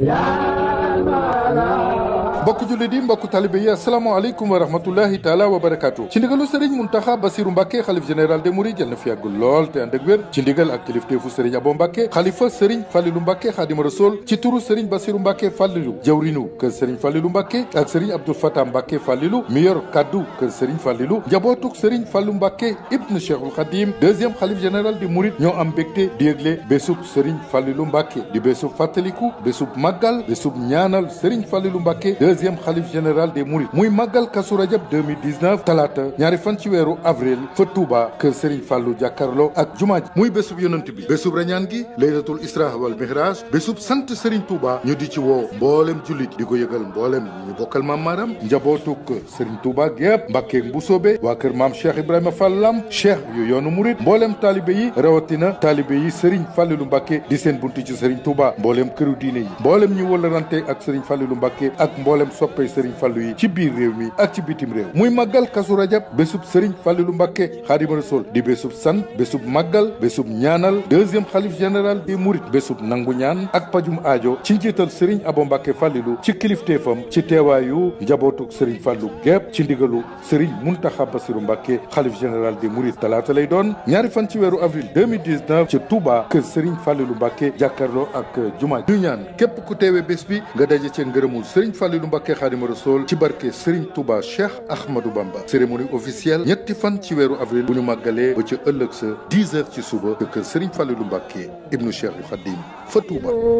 Ya mbokk jullit yi mbokk talibe yi asalaamaaleykum wa rahmatullahi taala wa barakaatu ci ndigalu sëriñ Muntaxa Basiru Mbàkke xalif général des Mourides yal na fi yàgg lool te ànd ak wér ci ndigal ak kilifteefu sëriñ Abo Mbàkke xalifa sëriñ Fàllilu Mbàkke Xaadima Rasool ci turu sëriñ Basiru Mbàkke Fàllilu jëwriñu kër sëriñ Fàllilu Mbàkke ak sëriñ Abdul Fatah Mbàkke Fàllilu mi yor kaddu kër sëriñ Fàllilu njabootuk sëriñ Fàllu Mbàkke ibnu Cheikhul Xadim deuxième xalif général des Mourides ñoo am mbégte di yëgle bésub sëriñ Fàllilu Mbàkke di bésub fàttaliku bésub màggal bésub ñaanal sëriñ Fàllilu Mbàkke treizième xalif général des Mourides muy màggal kasu rajab 2019 talaata ñaari fan ci weeru avril fa Touba kër Serigne Fallou jàkkarloo ak jumaa ji muy bésub yonant bi bésub rañaan gi laylatul isra wal mihraj bésub sant Serigne Touba ñu di ci woo mboolem jullit di ko yëgal mboolem ñu bokkal maam maaram njabootuk Serigne Touba gépp mbàkkeeg bu soobee waa kër maam Cheikh Ibrahima Fall lam cheikh yu yoonu Mouride mboolem taalibe yi rawatina taalibe yi Serigne Fallou Mbacké di seen buntu ci Serigne Touba mboolem këru mboolem soppey Serigne Fallou yi ci biir réew mi ak ci bitim réew muy màggal kasu rajab bésub Serigne Fallilu Mbàkke Xaadimu Rasuul di bésub sant bésub màggal bésub ñaanal deuxième xalif général des Mourides bésub nangu ñaan ak pajum aajo ci njiital Serigne Abo Mbàkke Fallilu ci kilifteefam ci teewaayu njabootuk Serigne Fallou gépp ci ndigalu Serigne Muntaxa Basiru Mbàkke xalif général di Mourides talaata lay doon ñaari fan ci weeru avril 2019 ci Touba kër Serigne Fallilu Mbàkke jàkkarloo ak juma ñu ñaan képp mbake Khadimu rasoul ci barke Serigne Touba Cheikh Ahmadou Bamba cérémonie officielle ñetti fan ci wéru avril buñu magalé ba ci ëlëk sa 10 h ci suba que Serigne Fallilou mbake ibnu Cheikh Khadim fa Touba